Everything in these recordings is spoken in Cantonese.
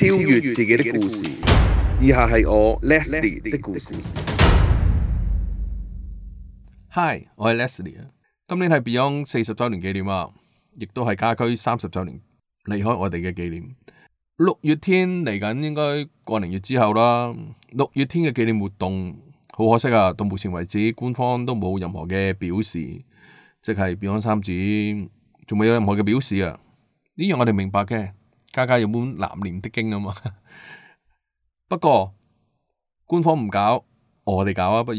超越，超越自己的故事。以下係我 Leslie 的故事。Hi，我係 Leslie。今年係 Beyond 四十周年紀念啊，亦都係家駒三十周年離開我哋嘅紀念。六月天嚟緊，來應該過零月之後啦。六月天嘅紀念活動，好可惜啊！到目前為止，官方都冇任何嘅表示，即係 Beyond 三子仲未有任何嘅表示啊。呢、這、樣、個、我哋明白嘅。家家有本難唸的經啊嘛。 不過官方唔搞，我哋搞啊。不如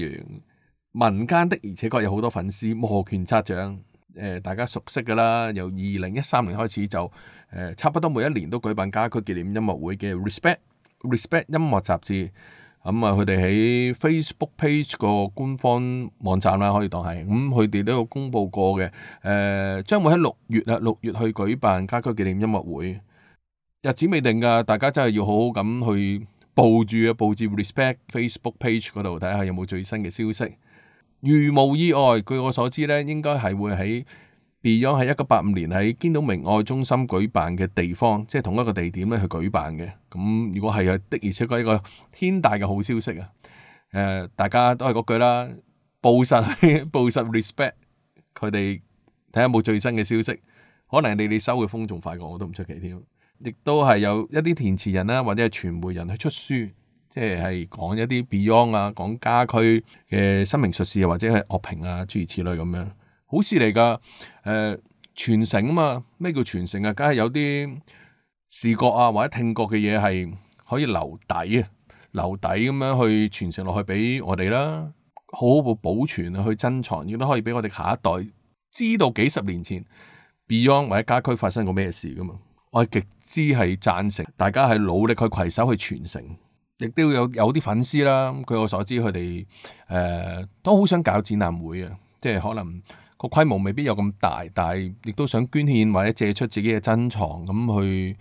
民間的，而且確有好多粉絲摩拳擦掌、呃。大家熟悉㗎啦。由二零一三年開始就、呃、差不多每一年都舉辦家駒紀念音樂會嘅。Respect Respect 音樂雜誌咁啊，佢哋喺 Facebook page 個官方網站啦，可以當係咁。佢、嗯、哋都有公佈過嘅、呃、將會喺六月啊，六月去舉辦家駒紀念音樂會。日子未定噶，大家真係要好好咁去報實啊，報實。Respect Facebook page 嗰度睇下有冇最新嘅消息。如無意外，據我所知咧，應該係會喺 Beyond 喺一九八五年喺堅道明愛中心舉辦嘅地方，即係同一個地點咧去舉辦嘅。咁如果係的而且確一個天大嘅好消息啊，誒，大家都係嗰句啦，報實報實，Respect 佢哋睇下有冇最新嘅消息。可能你哋收嘅風仲快過我都唔出奇添。亦都係有一啲填詞人啦，或者係傳媒人去出書，即係講一啲 Beyond 啊，講家駒嘅生命術士，或者係樂評啊，諸如此類咁樣，好事嚟㗎。誒、呃，傳承啊嘛，咩叫傳承啊？梗係有啲視覺啊，或者聽覺嘅嘢係可以留底啊，留底咁樣去傳承落去俾我哋啦，好好保存存、啊、去珍藏，亦都可以俾我哋下一代知道幾十年前 Beyond 或者家駒發生過咩事㗎嘛。我係極之係贊成，大家係努力去攜手去傳承，亦都有有啲粉絲啦。據我所知，佢哋誒都好想搞展覽會啊，即係可能個規模未必有咁大，但係亦都想捐獻或者借出自己嘅珍藏，咁去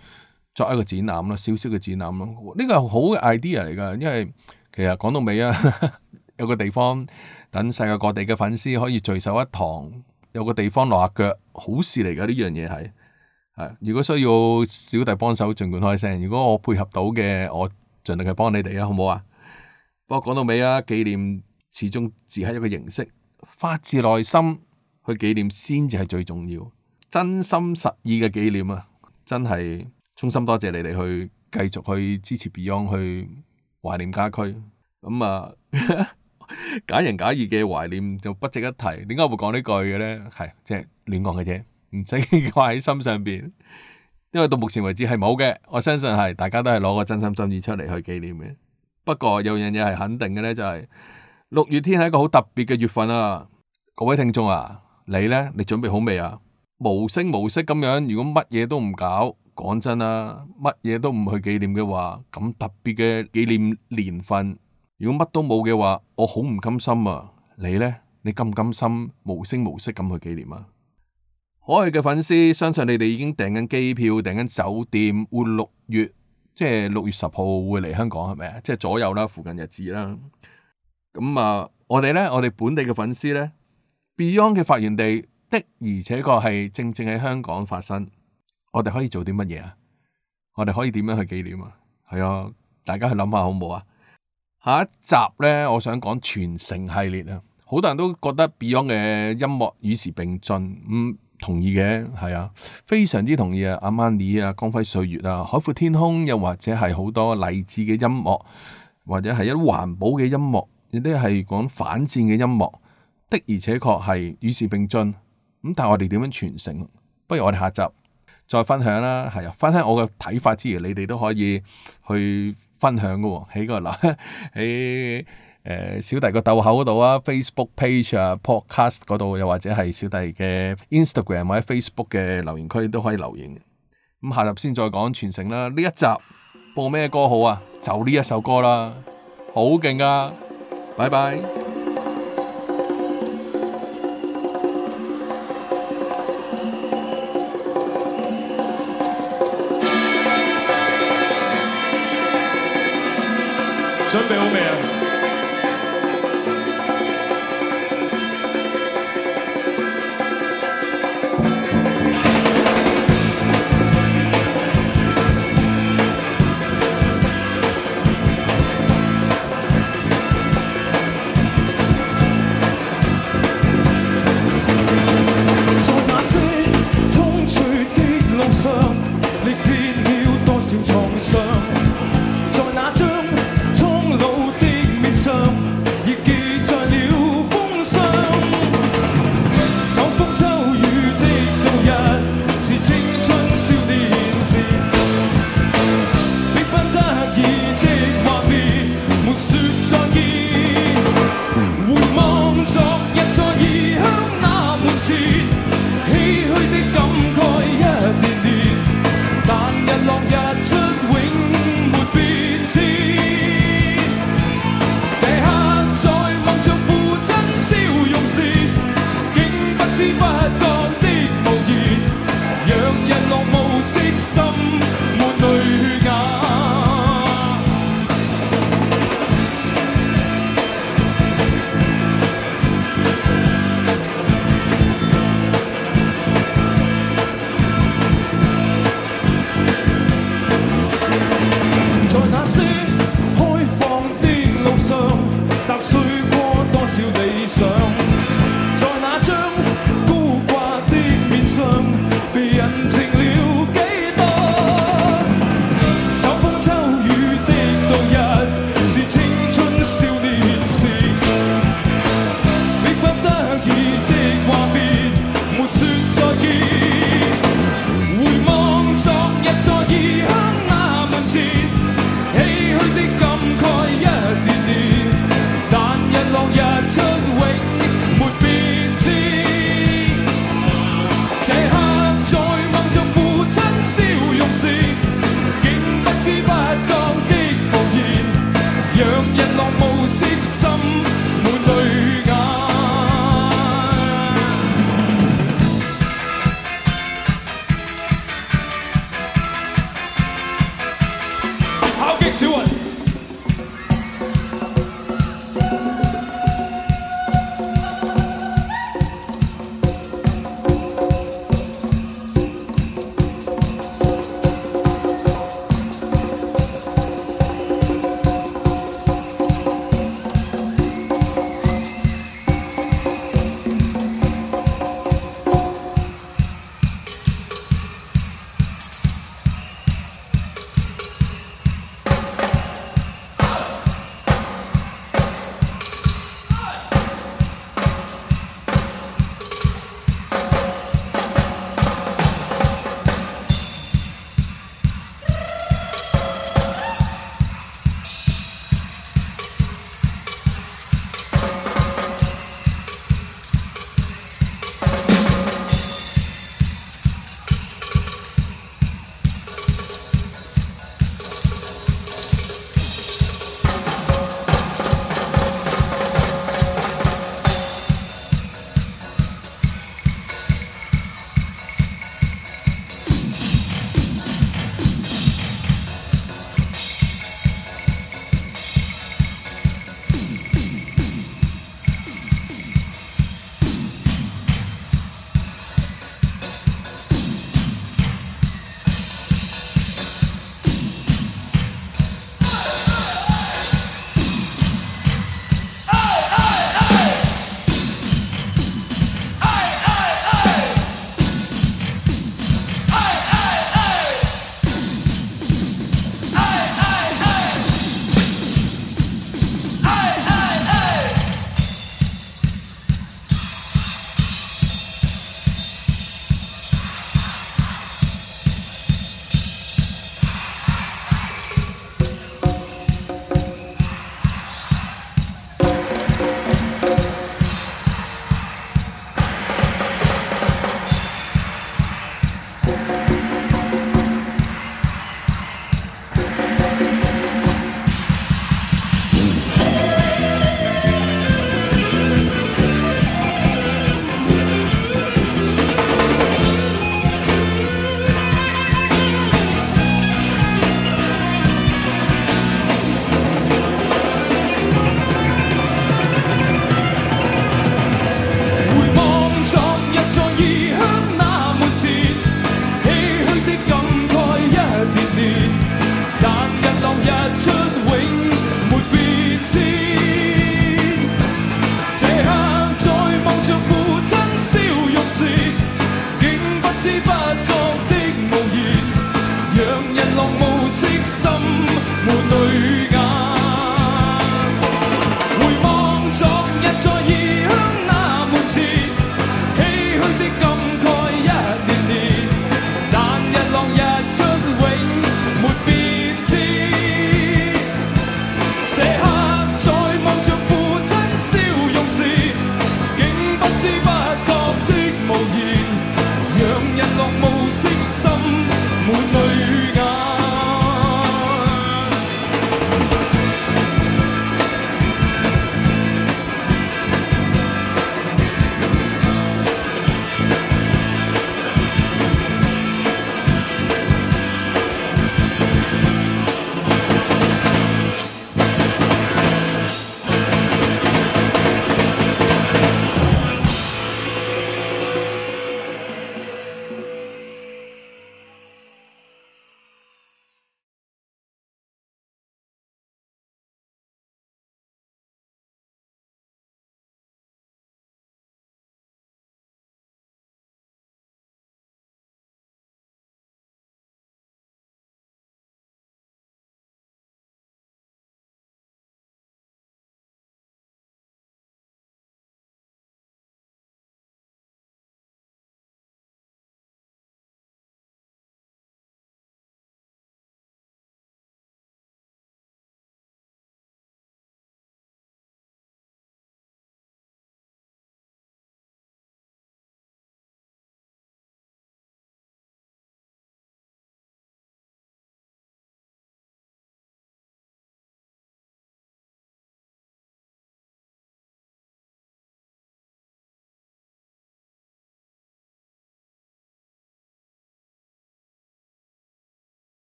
作一個展覽咯，小小嘅展覽咯。呢個係好嘅 idea 嚟㗎，因為其實講到尾啊， 有個地方等世界各地嘅粉絲可以聚首一堂，有個地方落下腳，係好事嚟㗎呢樣嘢係。如果需要小弟幫手，儘管開聲。如果我配合到嘅，我盡力去幫你哋啊，好唔好啊？不過講到尾啊，紀念始終只係一個形式，發自內心去紀念先至係最重要。真心實意嘅紀念啊，真係衷心多謝你哋去繼續去支持 Beyond，去懷念家駒。咁、嗯、啊， 假仁假義嘅懷念就不值一提。點解我會講呢句嘅咧？係即係亂講嘅啫。就是唔使掛喺心上邊，因為到目前為止係冇嘅。我相信係大家都係攞個真心真意出嚟去紀念嘅。不過有樣嘢係肯定嘅咧，就係六月天係一個好特別嘅月份啊！各位聽眾啊，你咧，你準備好未啊？無聲無息咁樣，如果乜嘢都唔搞，講真啊，乜嘢都唔去紀念嘅話，咁特別嘅紀念年份，如果乜都冇嘅話，我好唔甘心啊！你咧，你甘唔甘心無聲無息咁去紀念啊？我哋嘅粉絲相信你哋已經訂緊機票，訂緊酒店，即係、會六月即係六月十號會嚟香港係咪啊？即係、即係、左右啦，附近日子啦。咁啊，我哋咧，我哋本地嘅粉絲咧，Beyond 嘅發源地的而且確係正正喺香港發生。我哋可以做啲乜嘢啊？我哋可以點樣去紀念啊？係啊，大家去諗下好唔好啊？下一集咧，我想講傳承系列啊。好多人都覺得 Beyond 嘅音樂與時並進，唔、嗯。同意嘅，係啊，非常之同意啊！阿瑪尼啊，光輝歲月啊，海闊天空又或者係好多勵志嘅音樂，或者係一啲環保嘅音樂，亦都係講反戰嘅音樂的而且確係與時並進。咁但係我哋點樣傳承？不如我哋下集再分享啦。係啊，分享我嘅睇法之餘，你哋都可以去分享㗎喎、哦，起個樓喺。 呃、小弟個竇口嗰度啊，Facebook page 啊，podcast 嗰度，又或者係小弟嘅 Instagram 或者 Facebook 嘅留言區都可以留言。咁下集先再講傳承啦。呢一集播咩歌好啊？就呢一首歌啦，好勁啊！拜拜。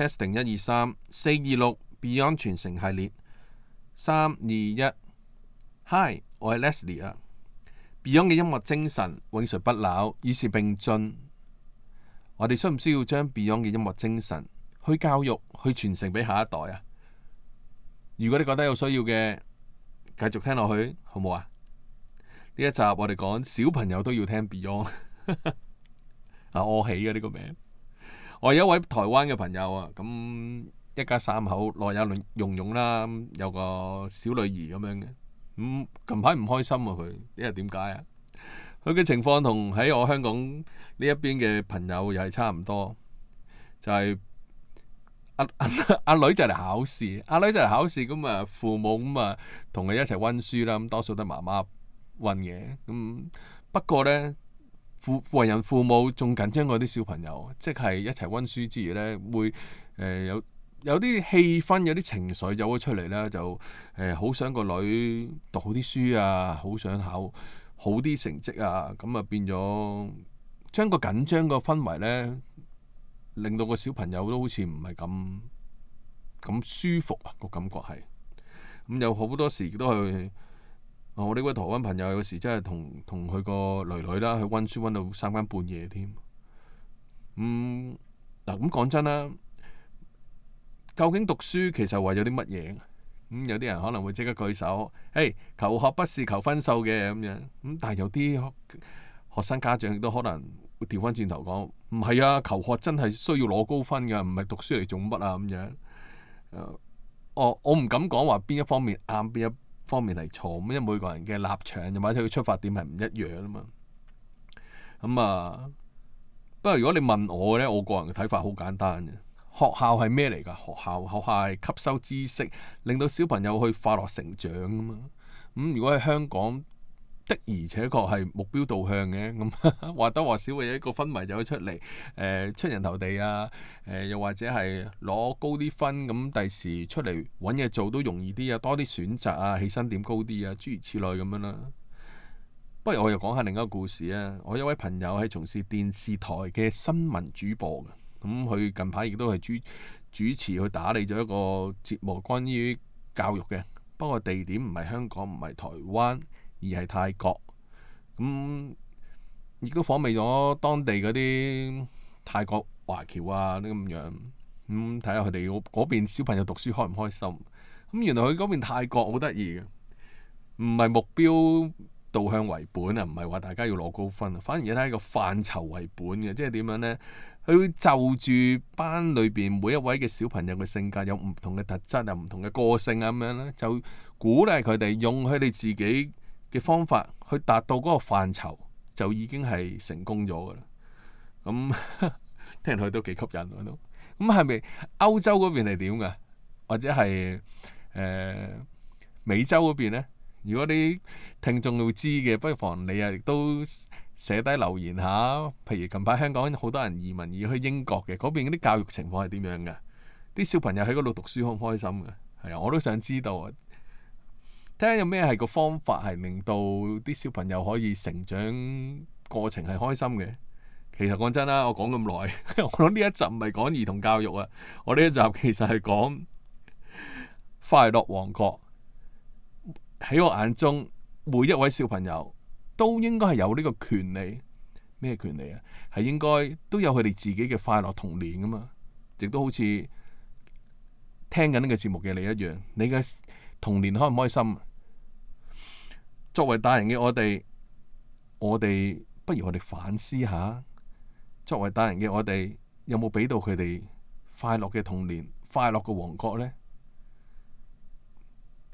testing 一二三四二六 Beyond 傳承系列三二一 Hi，我係 Leslie 啊。Beyond 嘅音樂精神永垂不朽，與時並進。我哋需唔需要將 Beyond 嘅音樂精神去教育、去傳承俾下一代啊？如果你覺得有需要嘅，繼續聽落去好唔好啊？呢一集我哋講小朋友都要聽 Beyond， 啊我起嘅呢個名。我有一位台灣嘅朋友啊，咁一家三口，內有兩蓉蓉啦，有個小女兒咁樣嘅。咁近排唔開心啊佢，因為點解啊？佢嘅情況同喺我香港呢一邊嘅朋友又係差唔多，就係阿阿女就嚟考試，阿、啊、女就嚟考試咁啊，父母咁啊同佢一齊温書啦，咁多數都係媽媽温嘢。咁不過呢。父為人父母仲緊張過啲小朋友，即係一齊溫書之餘呢，會誒、呃、有有啲氣氛，有啲情緒有咗出嚟呢，就誒好、呃、想個女讀好啲書啊，好想考好啲成績啊，咁啊變咗將個緊張個氛圍呢，令到個小朋友都好似唔係咁咁舒服啊，個感覺係，咁有好多時都係。我、哦、呢位台灣朋友有時真係同同佢個女女啦去溫書溫到三更半夜添。咁嗱咁講真啦，究竟讀書其實為咗啲乜嘢？咁、嗯、有啲人可能會即刻舉手，誒、hey，求學不是求分數嘅咁樣。咁、嗯、但係有啲學生家長亦都可能會調翻轉頭講，唔係啊，求學真係需要攞高分噶，唔係讀書嚟做乜啊咁樣。嗯、哦、我我唔敢講話邊一方面啱邊一。方面係錯，因為每個人嘅立場或者佢出發點係唔一樣啊嘛。咁、嗯、啊，不過如果你問我呢，我個人嘅睇法好簡單嘅，學校係咩嚟噶？學校學校係吸收知識，令到小朋友去快樂成長啊嘛。咁、嗯、如果喺香港，的而且確係目標導向嘅咁，或多或少會有一個氛圍就會出嚟。誒、呃、出人頭地啊，誒、呃、又或者係攞高啲分，咁第時出嚟揾嘢做都容易啲啊，多啲選擇啊，起薪點高啲啊，諸如此類咁樣啦。不如我又講下另一個故事啊。我一位朋友係從事電視台嘅新聞主播，咁佢近排亦都係主主持去打理咗一個節目，關於教育嘅。不過地點唔係香港，唔係台灣。而係泰國，咁、嗯、亦都訪問咗當地嗰啲泰國華僑啊，啲咁樣，咁睇下佢哋嗰邊小朋友讀書開唔開心？咁、嗯、原來佢嗰邊泰國好得意嘅，唔係目標導向為本啊，唔係話大家要攞高分啊，反而而家喺個範疇為本嘅，即係點樣呢？佢就住班裏邊每一位嘅小朋友嘅性格有唔同嘅特質啊，唔同嘅個性啊，咁樣咧就鼓勵佢哋用佢哋自己嘅方法去達到嗰個範疇，就已經係成功咗㗎啦。咁聽落去都幾吸引喎都。咁係咪歐洲嗰邊係點㗎？或者係誒、呃、美洲嗰邊咧？如果你聽眾會知嘅，不妨你啊亦都寫低留言下。譬如近排香港好多人移民而去英國嘅，嗰邊啲教育情況係點樣㗎？啲小朋友喺嗰度讀書好唔開心㗎？係啊，我都想知道啊！睇有咩係個方法係令到啲小朋友可以成長過程係開心嘅。其實講真啦，我講咁耐，我諗呢一集唔係講兒童教育啊，我呢一集其實係講快樂王國。喺我眼中，每一位小朋友都應該係有呢個權利，咩權利啊？係應該都有佢哋自己嘅快樂童年噶嘛。亦都好似聽緊呢個節目嘅你一樣，你嘅童年開唔開心？作為大人嘅我哋，我哋不如我哋反思下，作為大人嘅我哋有冇俾到佢哋快樂嘅童年，快樂嘅王國呢？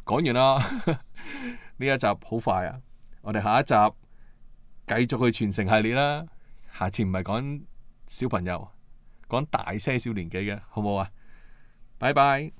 講完啦，呢一集好快啊！我哋下一集繼續去傳承系列啦。下次唔係講小朋友，講大些少年紀嘅，好唔好啊？拜拜。